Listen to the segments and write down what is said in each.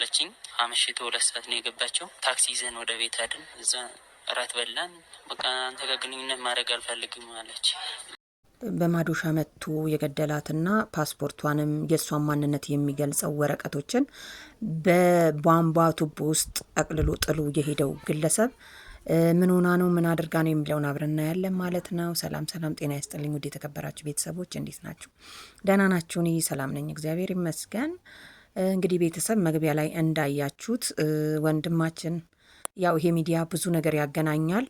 አለችኝ። አመሽቶ ሁለት ሰዓት ነው የገባቸው። ታክሲ ይዘን ወደ ቤት አድን እዛ እራት በላን። በቃ አንተ ጋር ግንኙነት ማድረግ አልፈልግም አለች። በማዶሻ መጥቶ የገደላትና ፓስፖርቷንም የእሷን ማንነት የሚገልጸው ወረቀቶችን በቧንቧ ቱቦ ውስጥ ጠቅልሎ ጥሎ የሄደው ግለሰብ ምን ሆና ነው ምን አድርጋ ነው የሚለውን አብረን እናያለን ማለት ነው። ሰላም ሰላም፣ ጤና ይስጥልኝ ውድ የተከበራችሁ ቤተሰቦች እንዴት ናችሁ? ደህና ናችሁን? ይህ ሰላም ነኝ፣ እግዚአብሔር ይመስገን። እንግዲህ ቤተሰብ መግቢያ ላይ እንዳያችሁት ወንድማችን ያው ይሄ ሚዲያ ብዙ ነገር ያገናኛል።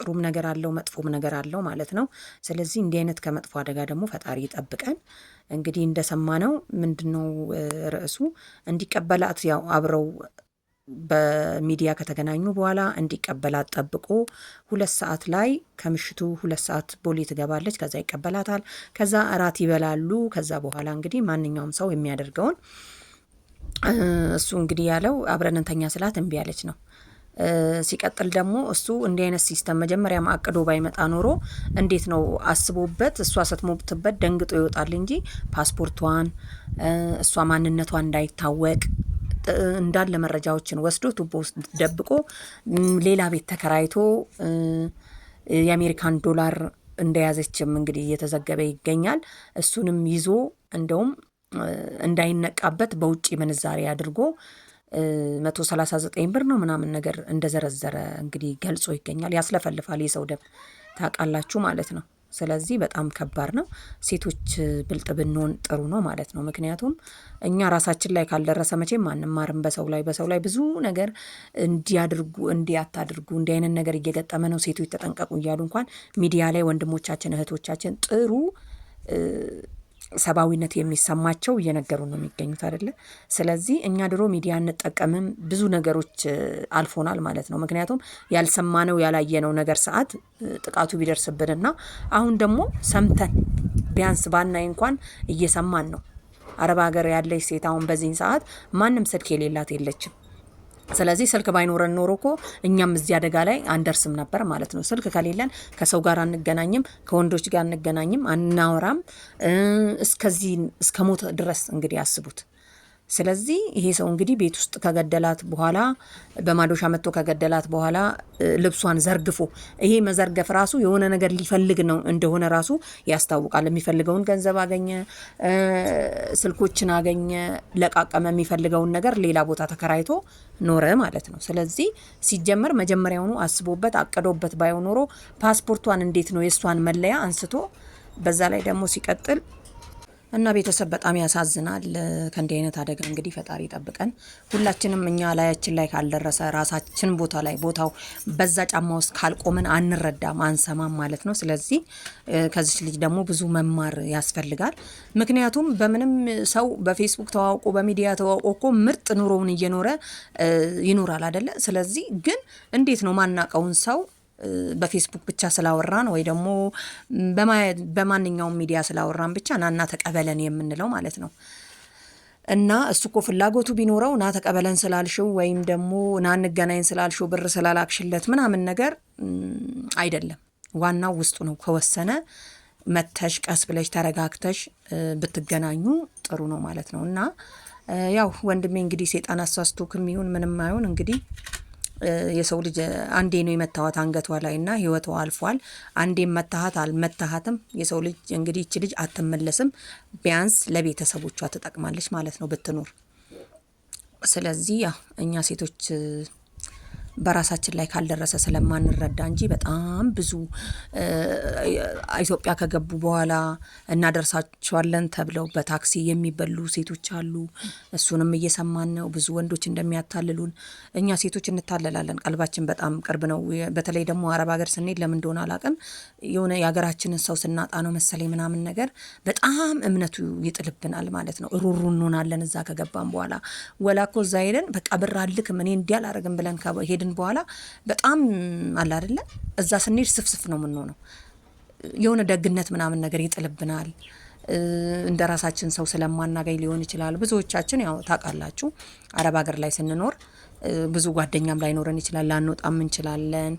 ጥሩም ነገር አለው፣ መጥፎም ነገር አለው ማለት ነው። ስለዚህ እንዲህ አይነት ከመጥፎ አደጋ ደግሞ ፈጣሪ ይጠብቀን። እንግዲህ እንደሰማነው ምንድን ነው ርዕሱ እንዲቀበላት ያው አብረው በሚዲያ ከተገናኙ በኋላ እንዲቀበላት ጠብቆ ሁለት ሰዓት ላይ ከምሽቱ ሁለት ሰዓት ቦሌ ትገባለች። ከዛ ይቀበላታል። ከዛ እራት ይበላሉ። ከዛ በኋላ እንግዲህ ማንኛውም ሰው የሚያደርገውን እሱ እንግዲህ ያለው አብረን እንተኛ ስላት እምቢ ያለች ነው። ሲቀጥል ደግሞ እሱ እንዲህ አይነት ሲስተም መጀመሪያም አቅዶ ባይመጣ ኖሮ እንዴት ነው አስቦበት እሷ ስትሞትበት ደንግጦ ይወጣል እንጂ ፓስፖርቷን እሷ ማንነቷን እንዳይታወቅ እንዳለ መረጃዎችን ወስዶ ቱቦ ውስጥ ደብቆ ሌላ ቤት ተከራይቶ የአሜሪካን ዶላር እንደያዘችም እንግዲህ እየተዘገበ ይገኛል። እሱንም ይዞ እንደውም እንዳይነቃበት በውጭ ምንዛሬ አድርጎ 139 ብር ነው ምናምን ነገር እንደዘረዘረ እንግዲህ ገልጾ ይገኛል። ያስለፈልፋል የሰው ደም ታውቃላችሁ ማለት ነው። ስለዚህ በጣም ከባድ ነው። ሴቶች ብልጥ ብንሆን ጥሩ ነው ማለት ነው። ምክንያቱም እኛ ራሳችን ላይ ካልደረሰ መቼም አንማርም። በሰው ላይ በሰው ላይ ብዙ ነገር እንዲያድርጉ እንዲያታድርጉ እንዲህ አይነት ነገር እየገጠመ ነው፣ ሴቶች ተጠንቀቁ እያሉ እንኳን ሚዲያ ላይ ወንድሞቻችን እህቶቻችን ጥሩ ሰብአዊነት የሚሰማቸው እየነገሩ ነው የሚገኙት አይደለ። ስለዚህ እኛ ድሮ ሚዲያ እንጠቀምም ብዙ ነገሮች አልፎናል ማለት ነው። ምክንያቱም ያልሰማነው ያላየነው ነገር ሰዓት ጥቃቱ ቢደርስብንና አሁን ደግሞ ሰምተን ቢያንስ ባናይ እንኳን እየሰማን ነው። አረብ ሀገር ያለች ሴት አሁን በዚህን ሰዓት ማንም ስልክ የሌላት የለችም። ስለዚህ ስልክ ባይኖረን ኖሮ እኮ እኛም እዚህ አደጋ ላይ አንደርስም ነበር ማለት ነው። ስልክ ከሌለን ከሰው ጋር አንገናኝም፣ ከወንዶች ጋር አንገናኝም፣ አናወራም። እስከዚህ እስከ ሞት ድረስ እንግዲህ አስቡት። ስለዚህ ይሄ ሰው እንግዲህ ቤት ውስጥ ከገደላት በኋላ በማዶሻ መጥቶ ከገደላት በኋላ ልብሷን ዘርግፎ ይሄ መዘርገፍ ራሱ የሆነ ነገር ሊፈልግ ነው እንደሆነ ራሱ ያስታውቃል። የሚፈልገውን ገንዘብ አገኘ፣ ስልኮችን አገኘ፣ ለቃቀመ። የሚፈልገውን ነገር ሌላ ቦታ ተከራይቶ ኖረ ማለት ነው። ስለዚህ ሲጀመር መጀመሪያውኑ አስቦበት አቅዶበት ባይኖሮ ፓስፖርቷን እንዴት ነው የእሷን መለያ አንስቶ በዛ ላይ ደግሞ ሲቀጥል እና ቤተሰብ በጣም ያሳዝናል። ከእንዲህ አይነት አደጋ እንግዲህ ፈጣሪ ጠብቀን። ሁላችንም እኛ ላያችን ላይ ካልደረሰ ራሳችን ቦታ ላይ ቦታው በዛ ጫማ ውስጥ ካልቆምን አንረዳም፣ አንሰማም ማለት ነው። ስለዚህ ከዚች ልጅ ደግሞ ብዙ መማር ያስፈልጋል። ምክንያቱም በምንም ሰው በፌስቡክ ተዋውቆ በሚዲያ ተዋውቆ እኮ ምርጥ ኑሮውን እየኖረ ይኖራል አደለ? ስለዚህ ግን እንዴት ነው ማናቀውን ሰው በፌስቡክ ብቻ ስላወራን ወይ ደግሞ በማንኛውም ሚዲያ ስላወራን ብቻ ናና ተቀበለን የምንለው ማለት ነው። እና እሱ እኮ ፍላጎቱ ቢኖረው ና ተቀበለን ስላልሽው ወይም ደግሞ ና እንገናኝ ስላልሽው ብር ስላላክሽለት ምናምን ነገር አይደለም። ዋናው ውስጡ ነው። ከወሰነ መተሽ ቀስ ብለሽ ተረጋግተሽ ብትገናኙ ጥሩ ነው ማለት ነው። እና ያው ወንድሜ እንግዲህ ሴጣን አሳስቶ ከሚሆን ምንም አይሆን እንግዲህ የሰው ልጅ አንዴ ነው የመታሃት አንገቷ ላይ እና ህይወቷ አልፏል። አንዴ መታሃት አልመታሃትም የሰው ልጅ እንግዲህ ይቺ ልጅ አትመለስም። ቢያንስ ለቤተሰቦቿ ትጠቅማለች ማለት ነው ብትኖር። ስለዚህ ያው እኛ ሴቶች በራሳችን ላይ ካልደረሰ ስለማንረዳ እንጂ በጣም ብዙ ኢትዮጵያ ከገቡ በኋላ እናደርሳቸዋለን ተብለው በታክሲ የሚበሉ ሴቶች አሉ። እሱንም እየሰማን ነው። ብዙ ወንዶች እንደሚያታልሉን እኛ ሴቶች እንታለላለን። ቀልባችን በጣም ቅርብ ነው። በተለይ ደግሞ አረብ ሀገር ስንሄድ ለምን እንደሆነ አላውቅም፣ የሆነ የሀገራችንን ሰው ስናጣ ነው መሰለኝ ምናምን ነገር በጣም እምነቱ ይጥልብናል ማለት ነው። ሩሩ እንሆናለን እዛ ከገባን በኋላ ወላኮ እዛ ሄደን በቃ ብር አልክም እኔ እንዲህ አላረግም ብለን ከሄድን በኋላ በጣም አለ አይደለ፣ እዛ ስንሄድ ስፍስፍ ነው የምንሆነው። የሆነ ደግነት ምናምን ነገር ይጥልብናል። እንደ ራሳችን ሰው ስለማናገኝ ሊሆን ይችላል። ብዙዎቻችን ያው ታውቃላችሁ፣ አረብ ሀገር ላይ ስንኖር ብዙ ጓደኛም ላይኖረን ይችላል፣ ላንወጣም እንችላለን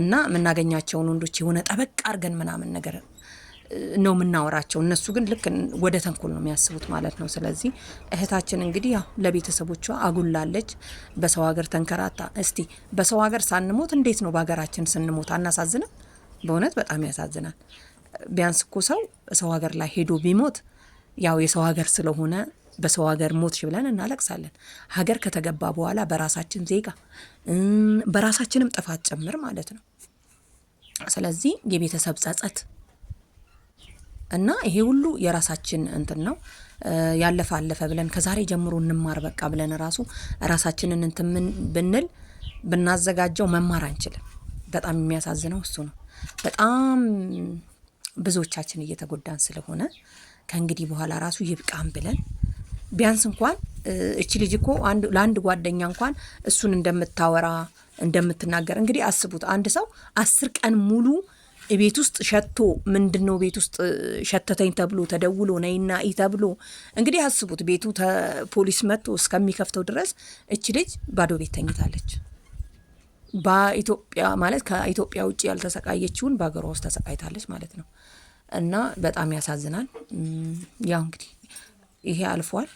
እና የምናገኛቸውን ወንዶች የሆነ ጠበቅ አድርገን ምናምን ነገር ነው የምናወራቸው። እነሱ ግን ልክ ወደ ተንኮል ነው የሚያስቡት ማለት ነው። ስለዚህ እህታችን እንግዲህ ያው ለቤተሰቦቿ አጉላለች። በሰው ሀገር ተንከራታ። እስቲ በሰው ሀገር ሳንሞት እንዴት ነው በሀገራችን ስንሞት? አናሳዝንም? በእውነት በጣም ያሳዝናል። ቢያንስ እኮ ሰው ሰው ሀገር ላይ ሄዶ ቢሞት ያው የሰው ሀገር ስለሆነ በሰው ሀገር ሞትሽ ብለን እናለቅሳለን። ሀገር ከተገባ በኋላ በራሳችን ዜጋ በራሳችንም ጥፋት ጭምር ማለት ነው። ስለዚህ የቤተሰብ ጸጸት እና ይሄ ሁሉ የራሳችን እንትን ነው። ያለፈ አለፈ ብለን ከዛሬ ጀምሮ እንማር በቃ ብለን ራሱ ራሳችንን እንትን ብንል ብናዘጋጀው መማር አንችልም። በጣም የሚያሳዝነው እሱ ነው። በጣም ብዙዎቻችን እየተጎዳን ስለሆነ ከእንግዲህ በኋላ ራሱ ይብቃን ብለን ቢያንስ እንኳን እቺ ልጅ እኮ ለአንድ ጓደኛ እንኳን እሱን እንደምታወራ እንደምትናገር እንግዲህ አስቡት። አንድ ሰው አስር ቀን ሙሉ ቤት ውስጥ ሸቶ ምንድን ነው ቤት ውስጥ ሸተተኝ ተብሎ ተደውሎ ነይና ኢ ተብሎ እንግዲህ አስቡት፣ ቤቱ ፖሊስ መጥቶ እስከሚከፍተው ድረስ እች ልጅ ባዶ ቤት ተኝታለች። በኢትዮጵያ ማለት ከኢትዮጵያ ውጭ ያልተሰቃየችውን በሀገሯ ውስጥ ተሰቃይታለች ማለት ነው። እና በጣም ያሳዝናል። ያው እንግዲህ ይሄ አልፏል።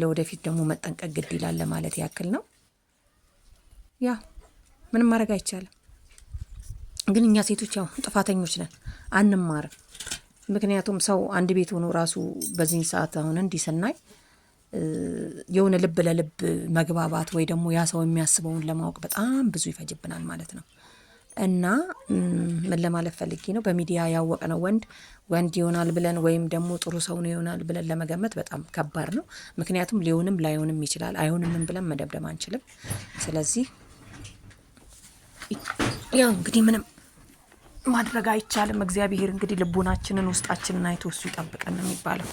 ለወደፊት ደግሞ መጠንቀቅ ግድ ይላል ማለት ያክል ነው። ያ ምንም ማድረግ አይቻልም። ግን እኛ ሴቶች ያው ጥፋተኞች ነን፣ አንማርም። ምክንያቱም ሰው አንድ ቤት ሆኖ ራሱ በዚህን ሰዓት አሁን እንዲሰናይ የሆነ ልብ ለልብ መግባባት ወይ ደግሞ ያ ሰው የሚያስበውን ለማወቅ በጣም ብዙ ይፈጅብናል ማለት ነው። እና ምን ለማለት ፈልጌ ነው፣ በሚዲያ ነው ወንድ ወንድ ይሆናል ብለን ወይም ደግሞ ጥሩ ሰው ነው ይሆናል ብለን ለመገመት በጣም ከባድ ነው። ምክንያቱም ሊሆንም ላይሆንም ይችላል። አይሆንምም ብለን መደብደብ አንችልም። ስለዚህ ያው እንግዲህ ምንም ማድረግ አይቻልም። እግዚአብሔር እንግዲህ ልቦናችንን ውስጣችንን አይቶ እሱ ይጠብቀን ነው የሚባለው።